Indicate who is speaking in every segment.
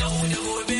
Speaker 1: do da gobe.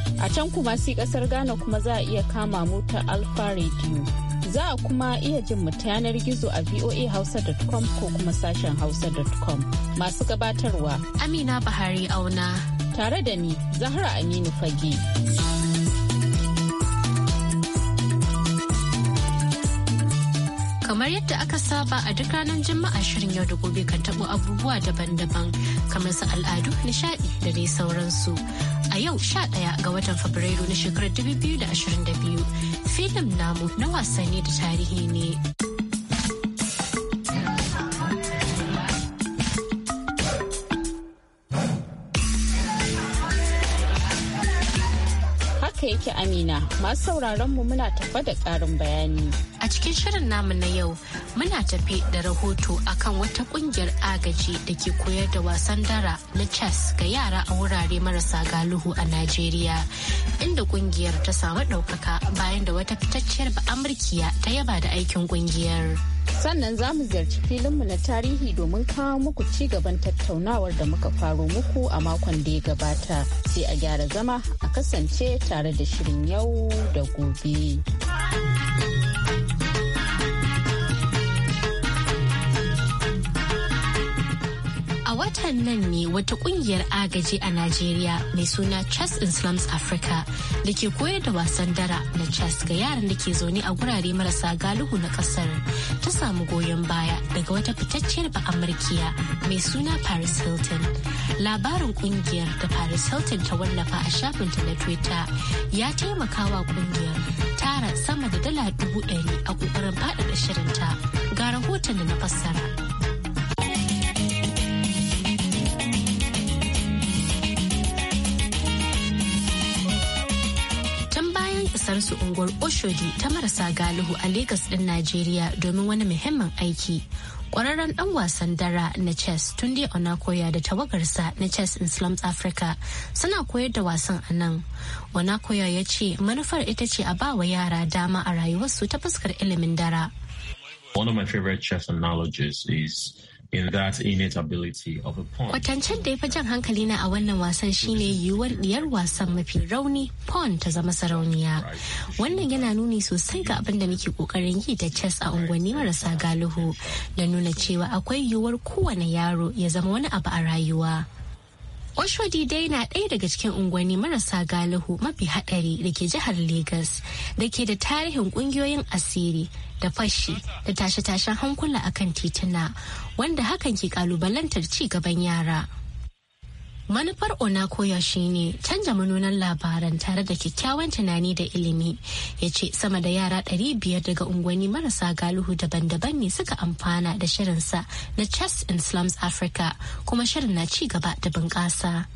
Speaker 2: A can kuma si kasar Ghana kuma za a iya kama mu ta Alfa Radio. Za a kuma iya jin mu ta yanar gizo a voahausa.com ko kuma sashen hausa.com. Masu gabatarwa Amina Bahari Auna. Tare da ni Zahra Aminu Fage. kamar yadda aka saba a duk ranar juma'a
Speaker 3: shirin yau da gobe kan tabo abubuwa daban-daban kamar su al'adu nishaɗi da dai sauransu a yau sha 11 ga watan Fabrairu na shekarar 2022 filim namu na wasanni da tarihi ne.
Speaker 2: nake Amina masu sauraron mu muna tafa da ƙarin bayani. A cikin shirin namu na yau muna tafi da rahoto akan
Speaker 3: wata ƙungiyar agaji da ke koyar da wasan dara na chess ga yara a wurare marasa galihu a Najeriya. Inda ƙungiyar ta samu ɗaukaka bayan da wata fitacciyar ba Amurkiya ta yaba da aikin ƙungiyar.
Speaker 2: sannan za mu ziyarci filinmu na tarihi domin kawo muku ci gaban tattaunawar da muka faro muku a makon da ya gabata sai a gyara zama a kasance tare da shirin yau da gobe.
Speaker 3: watan ne wata ƙungiyar agaji a Najeriya mai suna Chess in Slums Africa da ke koyar da wasan dara na chess ga yaran da ke zaune a gurare marasa galihu na kasar ta samu goyon baya daga wata fitacciyar ba'amurkiya mai suna Paris Hilton. Labarin ƙungiyar da Paris Hilton ta wallafa a shafinta na Twitter ya taimaka wa ƙungiyar tara sama da dala dubu ɗari a ƙoƙarin faɗaɗa shirinta ga rahoton da na fassara. su unguwar Oshodi ta marasa galihu a Legas ɗin Najeriya domin wani muhimmin aiki. kwararren ɗan wasan dara na chess tun ona Onakoya da tawagarsa na chess in Slums Africa suna koyar da wasan a nan. Onakoya ya ce manufar ita ce a bawa yara dama a rayuwarsu ta fuskar ilimin dara.
Speaker 4: One of my favorite chess analogies is
Speaker 5: in that innate ability of a pawn.
Speaker 3: Kwatancen da ya fi jan hankali na a wannan wasan shine yiwuwar diyar wasan mafi rauni pawn ta zama sarauniya. Wannan yana nuni sosai ga abin da muke kokarin yi da chess a unguwanni marasa galihu da nuna cewa akwai yiwuwar kowane yaro ya zama wani abu a rayuwa. Oshodi dai na ɗaya daga cikin unguwanni marasa galihu mafi haɗari da ke jihar Legas da ke da tarihin ƙungiyoyin asiri da fashi da tashe-tashen hankula akan tituna wanda hakan ke ƙalubalantar ci gaban yara. Manufar shi ne canja manonan labaran tare da kyakkyawan tunani da ilimi. Ya ce sama da yara ɗari biyar daga unguwanni marasa galihu daban-daban ne suka amfana da shirinsa na Chess in Slums Africa kuma shirin na ci gaba da bunƙasa.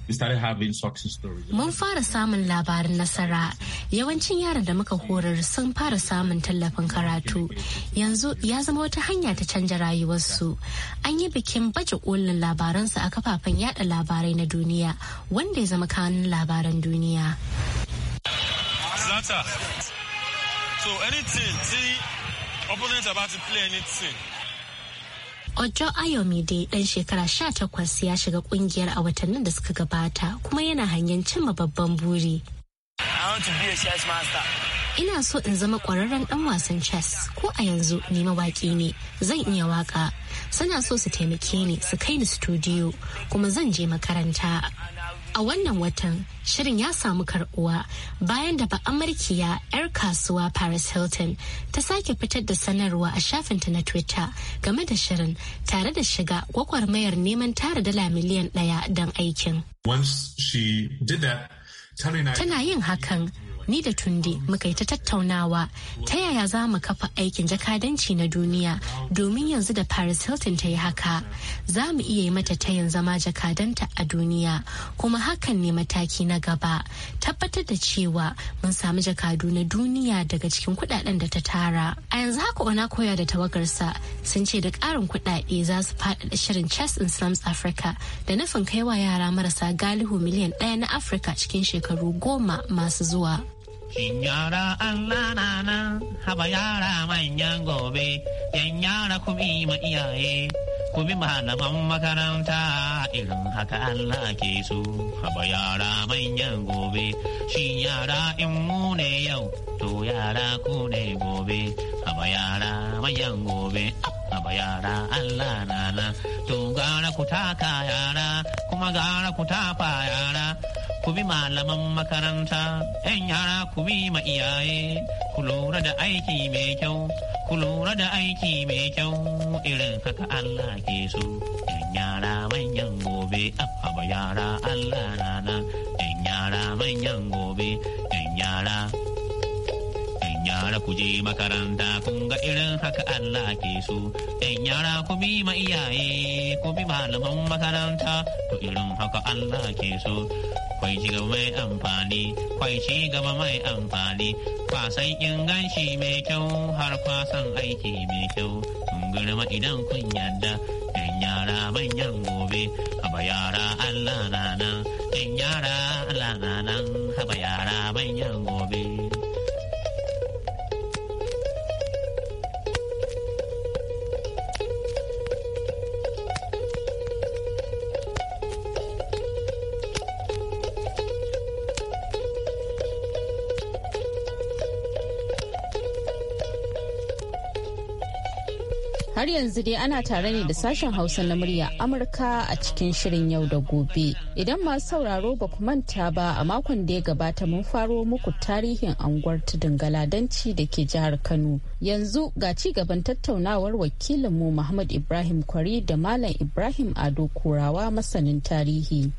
Speaker 3: Mun fara samun labarin nasara. Yawancin yara da muka horar sun fara samun tallafin karatu. Yanzu ya zama wata hanya ta canja rayuwarsu. An yi bikin baje kolin labaransu a kafafen yada labarai na duniya. duniya wanda ya zama kanun labaran duniya.
Speaker 4: zata so
Speaker 5: anything, see, opponent about to play anything.
Speaker 3: Ojo Ayomide dan shekara sha takwas ya shiga kungiyar a watannin da suka gabata kuma yana hanyar cimma babban buri.
Speaker 1: I want to be a chess master.
Speaker 3: ina so in zama kwararren dan wasan chess ko a yanzu ni mawaki ne zan iya waka suna so su taimake ni su kai ni studio kuma zan je makaranta a wannan watan shirin ya samu karbuwa bayan da ba amurkiya 'yar kasuwa paris hilton ta sake fitar da sanarwa a shafinta na twitter game da shirin tare da shiga gwagwarmayar neman tara dala miliyan daya don aikin tana yin hakan ni da tunde muka yi ta tattaunawa ta yaya za mu kafa aikin jakadanci na duniya domin yanzu da paris hilton ta yi haka za mu iya yi mata tayin zama jakadanta a duniya kuma hakan ne mataki na gaba tabbatar da cewa mun sami jakadu na duniya daga cikin kuɗaɗen da ta tara a yanzu haka ona koya da tawagarsa sun ce da ƙarin kuɗaɗe za su faɗaɗa shirin chess in slums africa da nufin kaiwa yara marasa galihu miliyan ɗaya na afirka cikin shekaru goma masu zuwa
Speaker 4: Shinyara yara Allah na nan haba yara manyan gobe, yan yara ku ma iyaye, ku bi malaman makaranta irin haka Allah ke so. Haba yara manyan gobe, shin yara in mu ne yau, to yara ku ne gobe, haba yara manyan gobe. Haba yara na to gara ku taka yara, kuma gara ku tafa yara. ku bi malaman makaranta, ‘yan yara ku bi ma iyaye, ku lura da aiki mai kyau, ku lura da aiki mai kyau, irin haka Allah ke so. ‘Yan yara manyan gobe, abba yara Allah rana, ‘yan yara manyan gobe, ‘yan yara. yara ku je makaranta, kun ga irin haka Allah ke so. ‘Yan yara ku bi ma iyaye, ku bi malaman makaranta, to irin haka Allah ke so. kwai ci gaba mai amfani kwai ci gaba mai amfani kwasan inganci mai kyau har kwasan aiki mai kyau kun girma idan kun yarda in yara manyan gobe haba yara Allah na nan yara Allah na nan haba yara manyan gobe
Speaker 2: Har yanzu dai ana tare ne da sashen Hausa na murya Amurka a cikin shirin yau da gobe. Idan masu sauraro ba ku manta ba a makon da ya gabata mun faro muku tarihin anguwar tudun galadanci da ke jihar Kano. Yanzu ga ci gaban tattaunawar wakilinmu Muhammad Ibrahim Kwari da Malam Ibrahim Ado Kurawa masanin tarihi.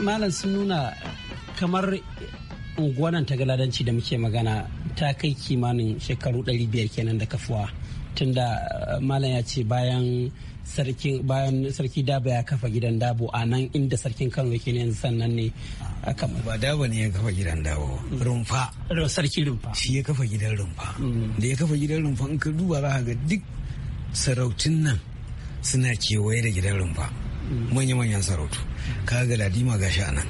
Speaker 5: malam sun nuna kamar unguwanan ta galadanci da muke magana ta kai kimanin shekaru 500 kenan da kafuwa tunda eh, malam ya ce bayan sarki bayan sarki daba ya kafa gidan dabo a nan inda sarkin kano yake ne sannan ne aka ba dabo ne ya kafa gidan dabo rumfa sarki rumfa shi ya kafa gidan rumfa mm. da ya kafa
Speaker 6: gidan rumfa in ka duba za ga duk sarautun nan suna kewaye da gidan rumfa manya-manyan sarautu ka ga ladima gashi a nan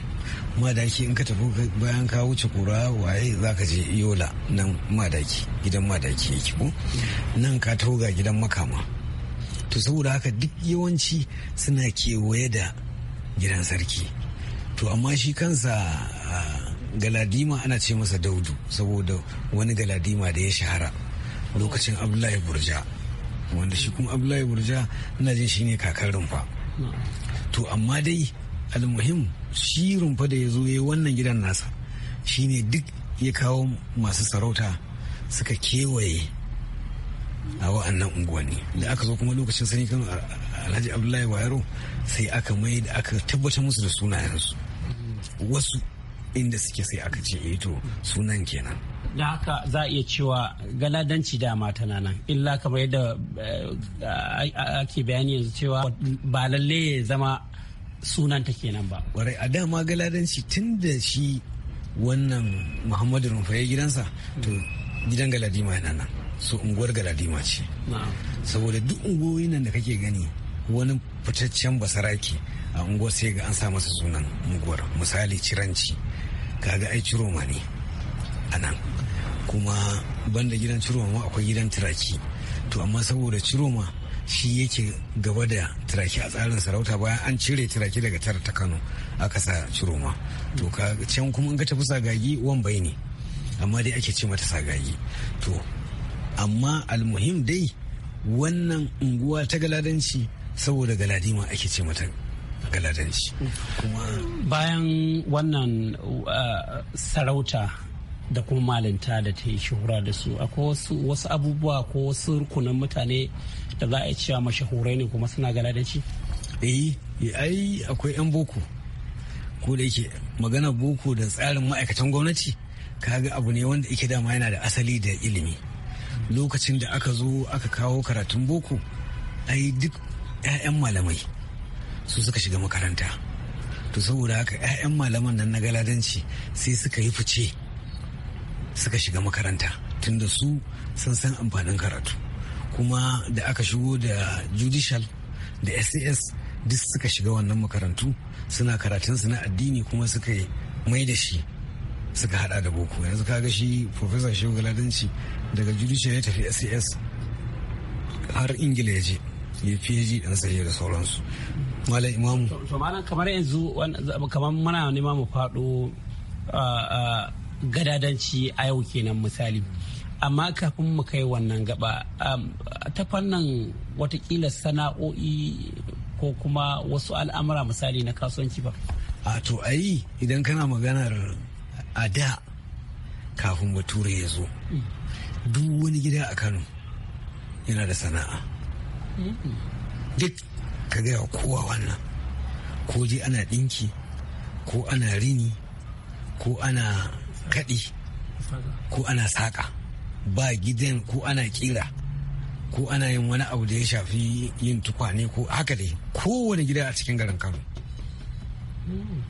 Speaker 6: madaki in ka tafi bayan ka wuce kura waye za ka je yola nan madaki gidan madaki yake ko nan ka toga gidan makama to saboda haka duk yawanci suna kewaye da gidan sarki to amma shi kansa galadima ana ce masa daudu saboda wani galadima da ya shahara lokacin abdullahi burja wanda shi kuma abdullahi burja ina jin shi ne kakar rumfa to amma dai almuhim shi rumfa da ya zo ya wannan gidan nasa shine duk ya kawo masu sarauta suka kewaye a wa'annan unguwanni da aka zo kuma lokacin sani kan alhaji abdullahi bayero sai aka mai da aka tabbatar musu da sunayensu wasu inda suke sai aka ce eh to sunan kenan
Speaker 5: da haka za a iya cewa galadanci dama tana nan illa kamar yadda eh, ake bayani yanzu cewa ba lalle ya zama sunan sunanta kenan ba warai
Speaker 6: a dama galadanci tun da shi wannan muhammadu ya gidansa to gidan galadima yana nan so unguwar galadima ce saboda duk unguwoyin nan da kake gani wani fitaccen basaraki a unguwar sai ga an sa masa sunan unguwar misali ciranci kaga ai ciroma ne a nan kuma banda gidan ciroma ma akwai gidan tiraki to amma saboda ciroma shi yake gaba da tiraki a tsarin sarauta bayan an cire tiraki daga tara ta kano aka sa ciroma to ka can kuma in ka tafi sagagi bai ne amma dai ake ce mata sagagi to amma almuhim dai wannan unguwa ta galadanci saboda galadima ake ce mata galadanci
Speaker 5: bayan wannan uh, sarauta da kuma malinta da ta yi shahura da su akwai wasu, wasu abubuwa ko wasu rukunan mutane da za a cewa mashahurai ne kuma suna galadanci?
Speaker 6: eh ai akwai 'yan boko
Speaker 5: ko da yake magana boko da tsarin
Speaker 6: ma'aikatan gwamnati Ka ga abu ne wanda yake dama yana da asali da ilimi lokacin da aka zo aka kawo karatun boko ai duk 'ya'yan malamai su suka shiga makaranta to saboda haka 'ya'yan malaman nan na galadanci sai suka yi fice suka shiga makaranta tunda su sun san amfanin karatu kuma da aka shigo da judicial da sas duk suka shiga wannan makarantu suna karatunsu na addini kuma suka yi mai da shi suka hada da boko yanzu kaga shi professor shehu galadanci daga judicial ya tafi sas har ingila ya je ya phd dan sai da sauransu
Speaker 5: malam imamu malam kamar yanzu kamar muna nema mu fado gadadanci a yau kenan misali amma kafin mu kai wannan gaba ta fannin watakila sana'o'i ko kuma wasu al'amura misali na kasuwanci ba
Speaker 6: a to ayi idan kana maganar a da kafin bature ya zo duk wani gida a kano yana da sana'a duk ka gaya kowa wannan ko je ana ɗinki ko ana rini ko ana kaɗi ko ana saƙa ba gidan ko ana ƙira ko ana yin wani abu da ya shafi yin tukwane ko haka dai kowane gida a cikin garin kano mm.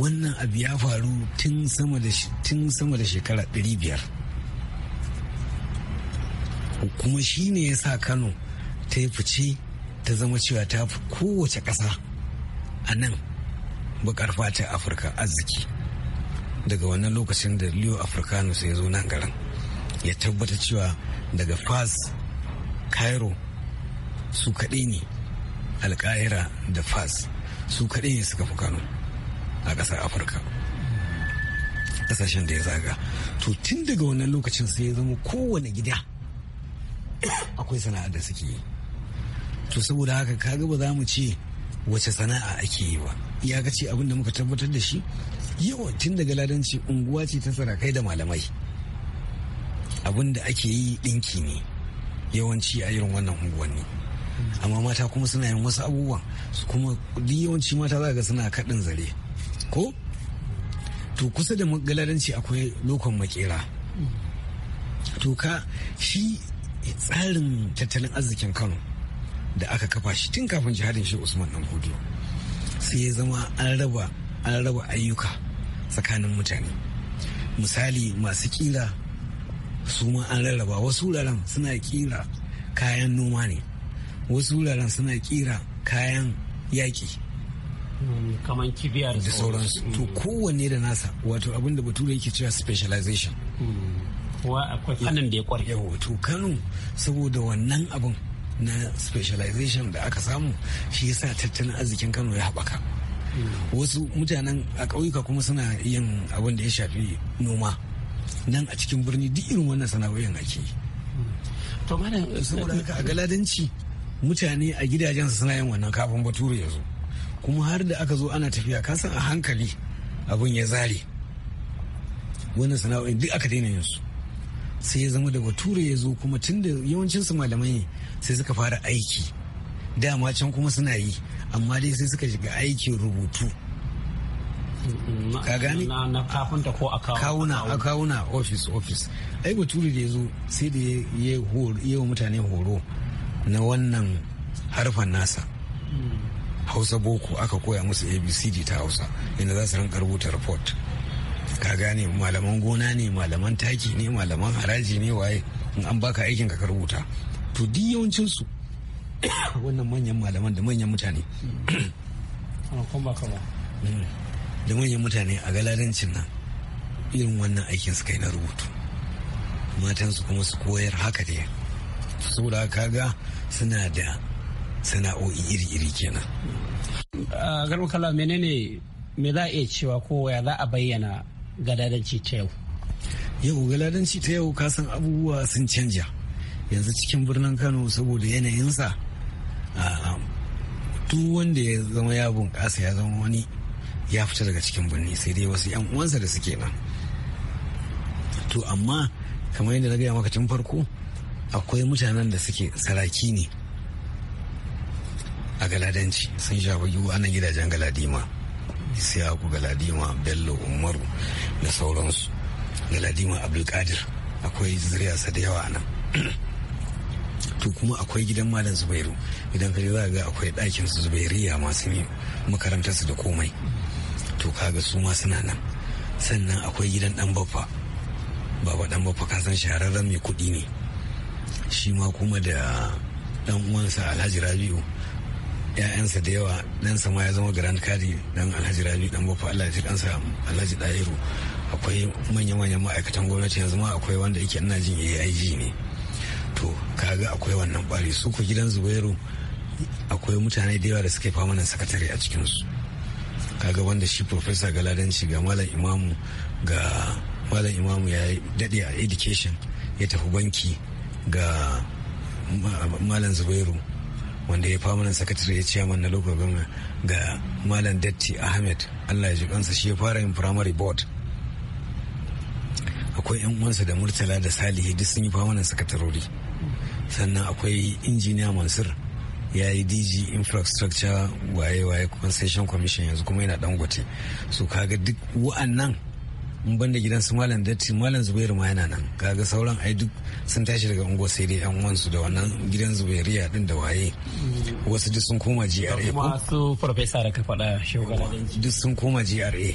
Speaker 6: wannan abu ya faru tun sama da shekara ɗari biyar. kuma shi ne ya sa kano ta yi fice ta zama cewa ta fi kowace ƙasa a nan bakar fata afirka arziki daga wannan lokacin da leo africanus ya zo nan garin ya tabbata cewa daga fas cairo su kaɗai ne alkahira da fas su kaɗai ne suka fi kano a ƙasar afirka ƙasashen da ya zaga to tun daga wannan lokacin sai ya zama kowane gida akwai sana'a da suke yi to saboda haka kaga ba za mu ce wace sana'a ake yi ba ya ga ce abin da muka tabbatar da shi yawancin daga ladanci unguwa ce ta sarakai da malamai abin da ake yi ɗinki ne yawanci a irin wannan unguwanni amma mata kuma suna yin wasu abubuwan su kuma yawanci mata za ga suna kaɗin zare ko to kusa da galadanci akwai lokon makera to ka shi tsarin tattalin arzikin kano da aka kafa shi tun kafin jihadin shi usman dan kudu sai ya zama an raba ayyuka tsakanin mutane misali masu kira su ma an rarraba wasu wuraren suna kira kayan noma ne wasu wuraren suna kira kayan
Speaker 5: yaƙi kamar kibiya da sauransu
Speaker 6: to kowanne da nasa wato abin da bature yake cewa specialization kuwa hmm. akwai fannin da ya kware yawa to kano saboda wannan abin na specialization da aka samu shi yasa tattalin arzikin kano ya haɓaka wasu mutanen a ƙauyuka kuma suna yin abin da ya shafi noma nan a cikin birni duk irin wannan sana'o'in ake to a galadanci mutane a su suna yin wannan kafin bature ya zo kuma har da aka zo ana tafiya ka san a hankali abin ya zare wannan sana'o'in duk aka daina yin su sai ya zama da bature ya zo kuma tun da yawancin su malamai sai suka fara aiki dama can kuma suna yi amma dai sai suka shiga aikin rubutu ka gani
Speaker 5: na kafinta
Speaker 6: ko a kawuna a kawuna office office ai bature da ya zo sai da ya yi wa mutane horo na wannan harfan nasa hmm. hausa boko aka koya musu abcd ta hausa inda za su rinka rubuta report ka gane malaman gona ne malaman taki ne malaman haraji ne waye in an baka aikin ka rubuta to duk yawancinsu wannan manyan malaman da manyan mutane hmm.
Speaker 5: hmm.
Speaker 6: da manyan mutane a galadancin nan irin wannan aikin su kai na rubutu matansu kuma su koyar haka da saboda kaga suna da sana'o'i iri-iri kenan
Speaker 5: hmm. ah, a kala menene me za a iya cewa ko ya za a bayyana galadanci ta yau
Speaker 6: yau galadanci ta yau kasan abubuwa sun canja yanzu cikin birnin kano saboda yanayinsa duk wanda ya zama ya bunƙasa ya zama wani ya fita daga cikin birni sai dai wasu yan uwansa da suke nan to amma kamar yadda na gaya maka tun farko akwai mutanen da suke saraki ne a galadanci sun shafa yiwu anan gidajen galadima ku galadima bello umaru da sauransu galadima abdulkadir akwai zuriyarsa da yawa nan to kuma akwai gidan malam zubairu idan ka je za ga akwai ɗakin su zubairiya masu ne makarantar da komai to kaga su ma suna nan sannan akwai gidan dan baffa baba dan baffa kan san shahararren mai kuɗi ne shi ma kuma da dan uwansa alhaji rabi'u ‘ya'yansa da yawa ɗansa ma ya zama grand kadi dan alhaji Rabi'u dan baffa allah ya kansa alhaji ɗahiru akwai manya-manyan ma'aikatan gwamnati yanzu ma akwai wanda yake ina jin aig ne to kaga akwai wannan kwari su ku gidan zubairu akwai mutane da yawa da suke fama nan sakatare a cikin cikinsu kaga wanda shi profesa galadanci ga malam imamu ga malam imamu ya daɗe a education ya tafi banki ga malam zubairu wanda ya fama nan sakatare ya ciyaman mana local government ga malam datti ahmed allah ya ji kansa shi ya fara yin primary board akwai yan uwansa da murtala da salihi duk sun yi fama nan sakatarori sannan akwai injiniya mansur ya yi dg infrastructure waye-waye concession commission yanzu kuma yana dangote so kaga duk wa'annan in banda gidan su malam datti malam zubairu ma yana nan kaga sauran ai duk sun tashi daga ungo sai dai yan uwansu da wannan gidan zubairiya din da waye wasu duk sun koma GRA kuma su farfesa da ka faɗa shugaba duk sun koma GRA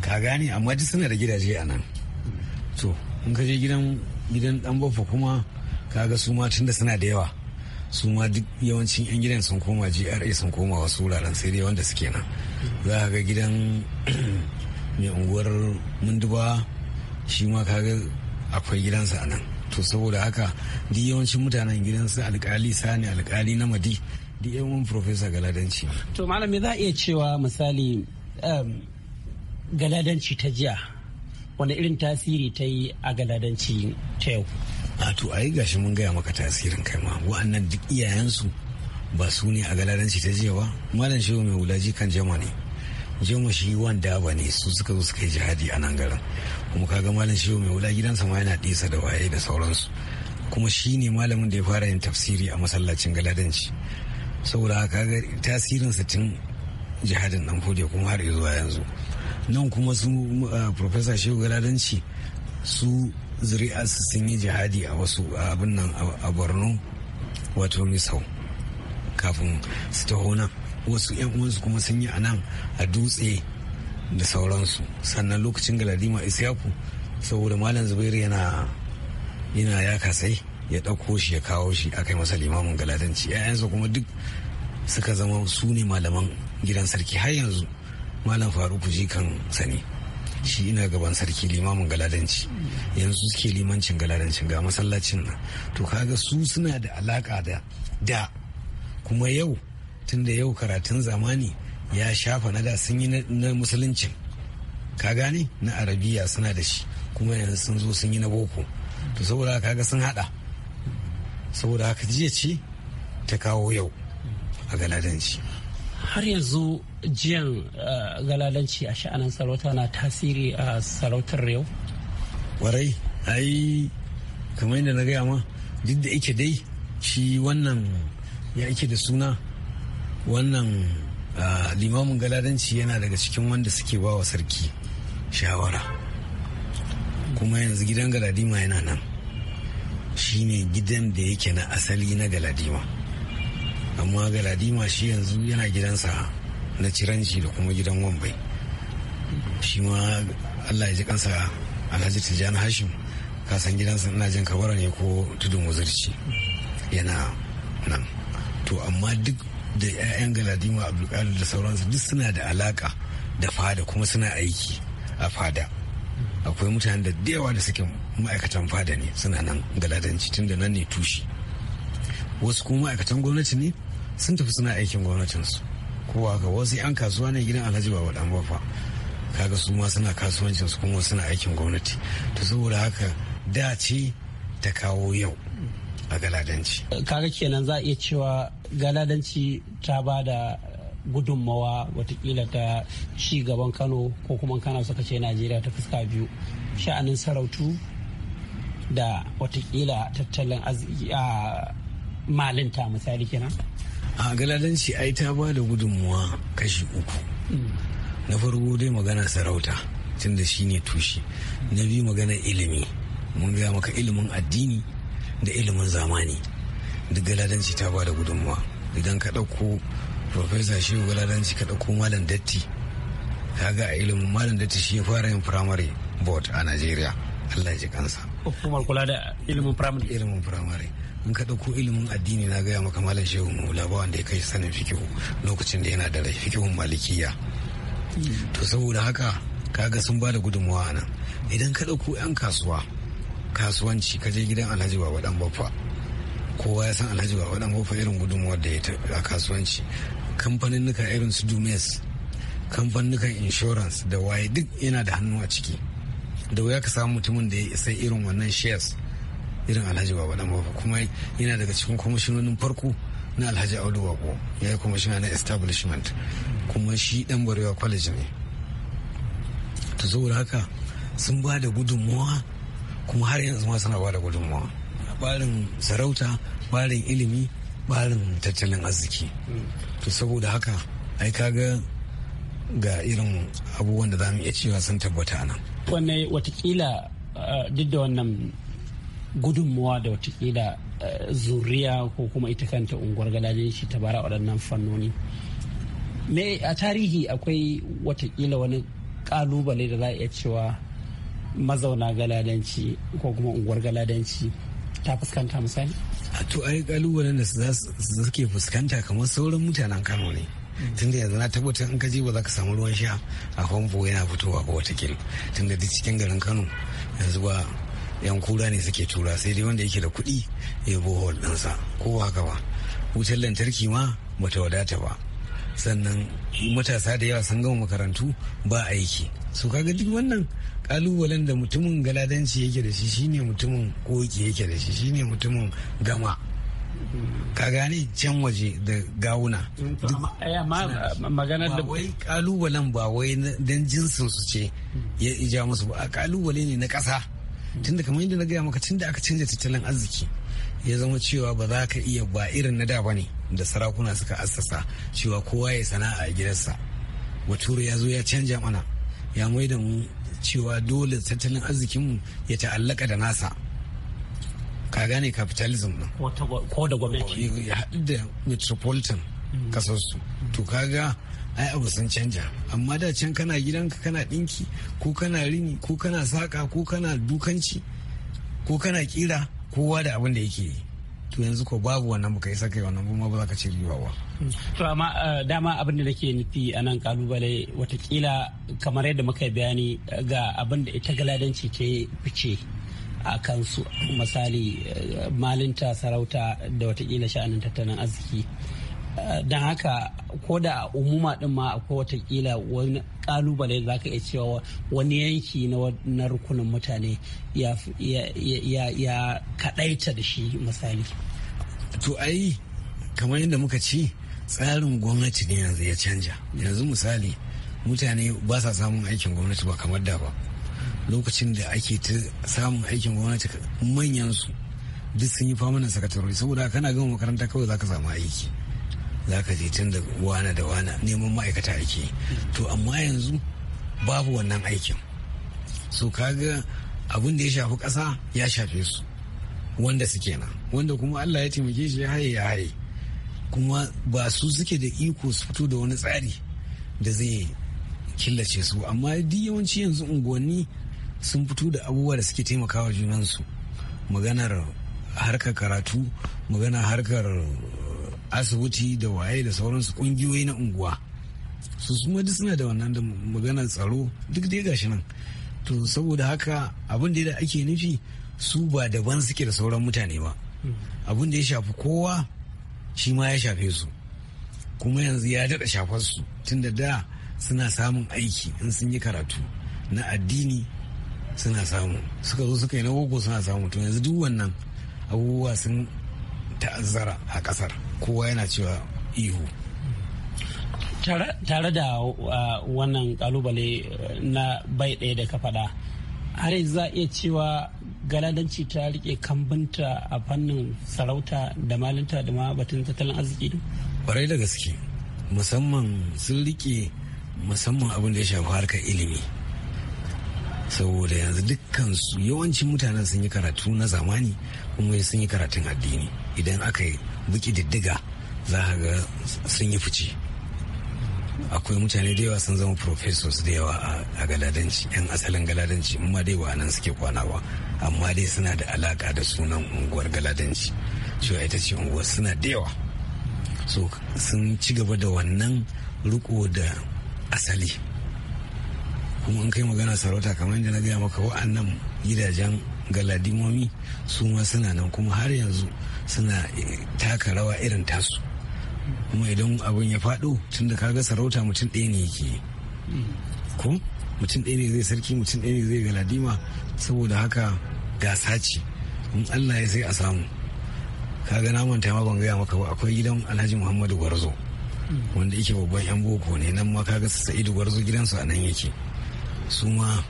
Speaker 6: ka gane amma duk suna da gidaje a nan to in ka je gidan gidan dan bafa kuma kaga su ma tunda suna da yawa su ma duk yawancin 'yan gidan sun koma gra sun koma wasu wuraren sai dai wanda suke nan za ka ga gidan mai unguwar munduba shi ma kaga akwai gidansa a nan to saboda haka duk yawancin mutanen gidansu alkali sani alkali na madi duk yawan profesa galadanci
Speaker 5: to malami za a iya cewa misali um, galadanci ta jiya wani irin tasiri ta yi a galadanci ta yau
Speaker 6: a to ai gashi mun gaya maka tasirin kai ma wa'annan duk iyayensu ba su ne a galadanci ta jiya ba malam shehu mai wulaji kan jama ne jama shi wanda ba ne su suka zo suka yi jihadi a nan garin kuma kaga malam shehu mai wula gidansa ma yana ɗisa da waye da sauransu kuma shi ne malamin da ya fara yin tafsiri a masallacin galadanci saboda haka ga tasirin sa tun jihadin dan fode kuma har zuwa yanzu nan kuma su uh, professor shehu galadanci su zuri'arsu sun yi jihadi a wasu abin nan a borno wato misau kafin su taho nan wasu yan uwansu kuma sun yi a nan a dutse da sauransu sannan lokacin galadima isyaku saboda malam zubairu yana yana ya kasai ya ɗauko shi ya kawo shi a kai masa limamin galadanci ‘ya'yansa kuma duk suka zama su ne malaman gidan sarki har yanzu malam faruku ji kan sani shi ina gaban sarki limamin galadanci yanzu suke limancin galadancin ga masallacin nan to kaga su suna da alaka da da kuma yau tunda yau karatun zamani ya shafa na da sun yi na musuluncin ka gane na arabiya suna da shi kuma yanzu sun zo sun yi na boko to saboda kaga sun hada saboda haka jiya ce ta kawo yau a galadanci
Speaker 5: har yanzu jiyan eh, galadanci a sha'anin sarauta na tasiri a sarautar yau?
Speaker 6: Warai, ai kamar yadda na gaya ma duk da ike dai shi wannan ya ike da suna wannan ah, limamin galadanci yana daga cikin wanda suke ba wa sarki shawara kuma yanzu gidan galadima yana nan shine gidan da yake na asali na galadima amma galadima shi yanzu yana gidansa na ciranci da kuma gidan wambai shi ma allah ya ji kansa alhaji tijjani hashim kasan gidansa ina jin kabara ne ko tudun wazirci yana nan to amma duk da 'ya'yan galadima abdulkadir da sauransu duk suna da alaka da fada kuma suna aiki a fada akwai mutane da yawa da suke ma'aikatan fada ne suna nan galadanci tun da nan ne tushe wasu kuma ma'aikatan gwamnati ne sun tafi suna aikin gwamnatinsu kowa ga wasu 'yan kasuwa ne gidan alhaji baba dan bafa kaga su ma suna kasuwancin su kuma suna aikin gwamnati to saboda haka da ce ta kawo yau a galadanci
Speaker 5: kaga kenan za a iya cewa galadanci ta ba da gudunmawa watakila ta ci gaban kano ko kuma kana suka ce najeriya ta fuska biyu sha'anin sarautu da watakila tattalin a malinta misali kenan
Speaker 6: a galadanci ai ta ba da gudunmuwa kashi uku na farko dai magana sarauta tun da shi ne tushe na biyu magana ilimi mun gaya maka ilimin addini da ilimin zamani duk galadanci ta ba da gudunmuwa idan ka ɗauko profesa shehu galadanci ka ɗauko malam datti ga a ilimin malam datti shi ya fara yin firamare board a najeriya allah ya ji kansa hukumar kula da ilimin primary. ilimin firamare in ka ɗauko ilimin addini na gaya maka malam shehu mu. Labawan wanda ya kai sanin fikihu lokacin da yana da rai fikihun malikiya to saboda haka kaga sun ba da gudunmawa a nan idan ka ɗauko 'yan kasuwa kasuwanci ka je gidan alhaji baba dan baffa kowa ya san alhaji baba dan baffa irin gudunmawar da ya a kasuwanci kamfanin nuka irin su dumes nuka insurance da waye duk yana da hannu a ciki da wuya ka samu mutumin da ya isa irin wannan shares irin alhaji baba dan baba kuma yana daga cikin kwamishinonin farko na alhaji audu wako ya yi kwamishina na establishment kuma shi dan barewa college ne ta saboda haka sun ba da gudunmuwa kuma har yanzu ma suna ba da gudunmuwa barin sarauta barin ilimi barin tattalin arziki to saboda haka ai
Speaker 5: kaga ga
Speaker 6: irin abubuwan da za mu iya cewa sun tabbata nan.
Speaker 5: Wannan watakila ah, duk da wannan gudunmuwa da watakila eh, zuriya ko kuma ita kanta unguwar gadajen shi ta bara waɗannan fannoni me a tarihi akwai watakila wani kalubale da za a iya cewa mazauna galadanci ko kuma unguwar galadanci ta fuskanta misali to ai kalubalen da su suke fuskanta kamar sauran mutanen kano ne tunda
Speaker 6: yanzu na tabbatar in ka je ba za ka samu ruwan sha a famfo yana fitowa ba watakila tunda duk cikin garin kano yanzu ba yan kura ne suke tura sai dai wanda yake da kuɗi ya bohol ɗinsa ko haka ba wutar lantarki ma bata wadata ba sannan matasa da yawa sun gama makarantu ba aiki su kaga duk wannan kalubalen da mutumin galadanci yake da shi shine mutumin koki yake da shi shine mutumin gama ka gane can waje da gawuna maganar da wai kalubalen ba wai dan jinsin su ce ya ija musu ba kalubale ne na ƙasa tunda kamar yadda na gaya maka tunda aka canza tattalin arziki ya zama cewa ba za ka iya ba irin na da ne da sarakuna suka assasa cewa kowa ya sana'a a gidansa bature ya zo ya canja mana ya mai da mu cewa dole tattalin arzikinmu ya ta'allaka da nasa ka gane capitalism ko da gwamnati ya haɗu da metropolitan kasarsu mm. to kaga ai abu sun canja amma da can kana gidanka kana dinki ko kana rini ko kana saka ko kana dukanci ko kana kira kowa da abin da yake yi to yanzu ko babu wannan baka isa kai wannan kuma ba za ka ce biyu ba.
Speaker 5: To amma eh, dama abin da nake nufi a nan kalubale watakila kamar yadda muka bayani eh, ga abin da ita galadanci ta fice a kansu misali eh, malinta sarauta da watakila sha'anin tattalin arziki. don haka ko da umuma din ma akwai kila wani kalubale za ka iya cewa wani yanki na rukunin mutane ya kadaita da shi misali to ai kamar yadda muka ci tsarin gwamnati ne yanzu ya canja
Speaker 6: yanzu misali mutane ba sa samun aikin gwamnati ba kamar da ba lokacin da ake ta samun aikin gwamnati manyan su duk sun yi famunan sakatarori saboda kana gama makaranta kawai za ka samu aiki za ka je tun da wana da wana neman ma'aikata ake to amma yanzu babu wannan aikin so kaga abin da ya shafi ƙasa ya shafe su wanda suke nan wanda kuma Allah ya taimake shi ya haye ya haye kuma ba su suke da iko su fito da wani tsari da zai killace su amma duk yawanci yanzu unguwanni sun fito da abubuwa da suke taimakawa junansu maganar harkar karatu maganar harkar asibiti da waye da sauransu kungiyoyi na unguwa su suma duk suna da wannan da maganar tsaro duk dai gashi nan to saboda haka abin da ake nufi su ba daban suke da sauran mutane ba abin da ya shafi kowa shi ma ya shafe su kuma yanzu ya daɗa shafar su tun da da suna samun aiki in sun yi karatu na addini suna samu suka zo suka yi na suna samu to yanzu duk wannan abubuwa sun ta'azzara a ƙasar. kowa yana cewa ihu
Speaker 5: tare da uh, wannan kalubale uh, na bai ɗaya da ka faɗa har za a iya cewa galadanci ta rike kambinta a fannin sarauta da malinta da ma batun tattalin arziki
Speaker 6: kwarai da gaske musamman sun rike musamman abin da ya shafi harkar ilimi saboda yanzu dukkan su yawancin mutanen sun yi karatu na zamani kuma sun yi karatun addini idan aka yi buki diddiga za a ga sun yi fice akwai mutane da yawa sun zama professors da yawa a galadanci yan asalin galadanci in ma dai ba nan suke kwanawa amma dai suna da alaka da sunan unguwar galadanci cewa ita ce unguwar suna da yawa so sun ci gaba da wannan riko da asali kuma in kai magana sarauta kamar yadda na gaya maka wa'annan gidajen Galadimomi ladimomi su ma suna nan kuma har yanzu suna eh, taka rawa irin tasu kuma idan abin ya faɗo tun da kaga sarauta mutum ɗaya ne yake ko mutum ɗaya ne zai sarki mutum ɗaya ne zai galadima saboda haka gasa ce in allah ya sai a samu kaga na manta ma ban gaya maka ba akwai gidan alhaji muhammadu gwarzo wanda yake babban yan boko ne nan ma kaga sa'idu gwarzo gidansu a nan yake su ma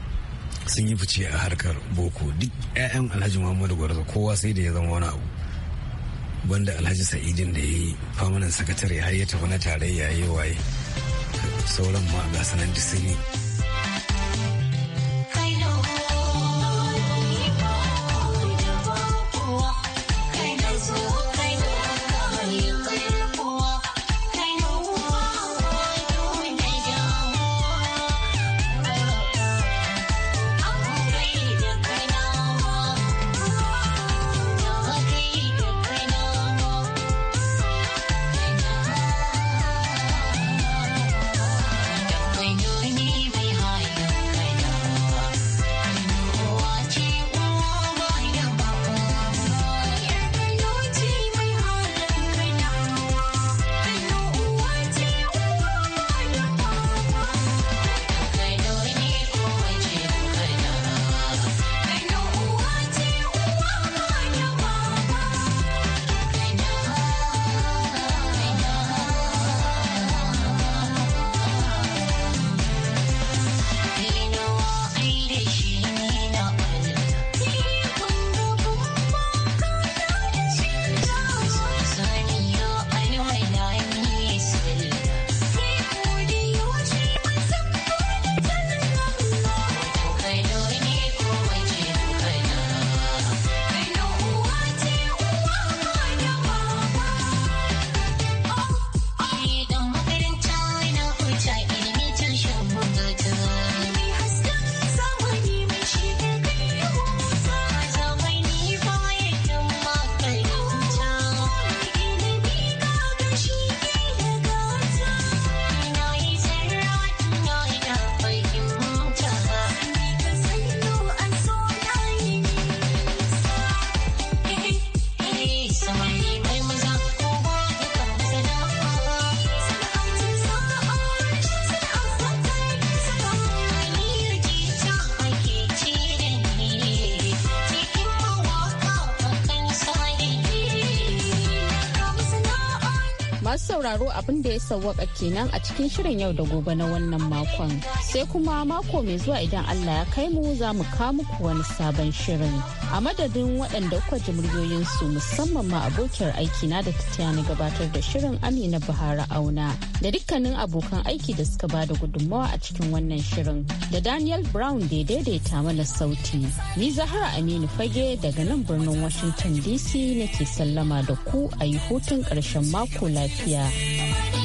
Speaker 6: sun yi fice a harkar boko duk 'ya'yan alhaji muhammadu gwarzo kowa sai da ya zama wani abu wanda alhaji sa'idin da ya yi famanan sakatare har ya tafi na tarayya ya yi waye sauran ma ga da sun yi
Speaker 2: sauraro abin da ya sawwaka kenan a cikin shirin yau da gobe na wannan makon. Sai kuma mako mai zuwa idan Allah ya kai mu za mu kawo muku wani sabon shirin. a madadin waɗanda kuka ji muryoyinsu musamman ma abokiyar aikina da na gabatar da shirin amina bahara auna da dukkanin abokan aiki da suka ba da gudunmawa a cikin wannan shirin da daniel brown da daidaita mana sauti ni zahara aminu fage daga nan birnin washington dc nake sallama da ku a yi hutun karshen mako lafiya.